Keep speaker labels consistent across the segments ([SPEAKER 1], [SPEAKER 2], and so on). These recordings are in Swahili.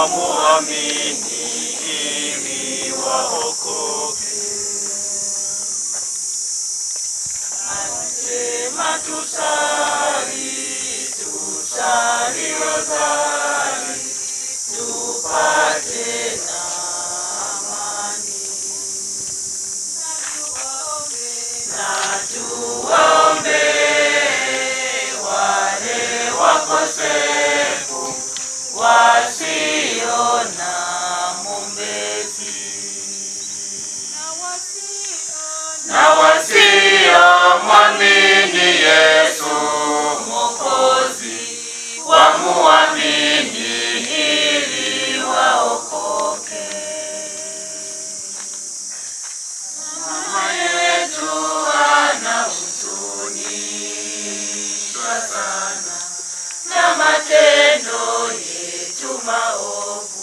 [SPEAKER 1] wamuamini ili waokoke. Anasema tusali, tusali rozari Yesu Mwokozi, wamuamini ili waokoke. Mama yetu ana huzuni sana na matendo yetu maovu.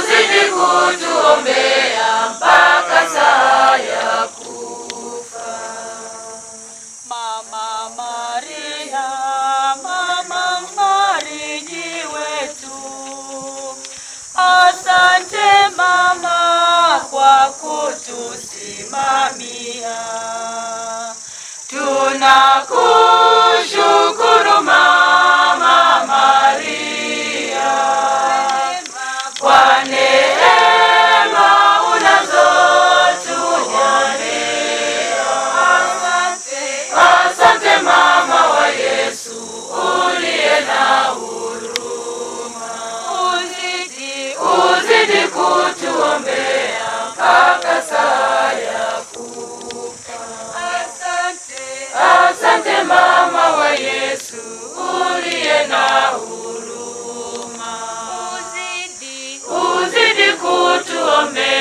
[SPEAKER 1] Mzidi kutuombea mpaka saa ya kufa.
[SPEAKER 2] Mama Maria, mama mfariji wetu, asante mama kwa kutusimamia
[SPEAKER 1] tunaku Amen.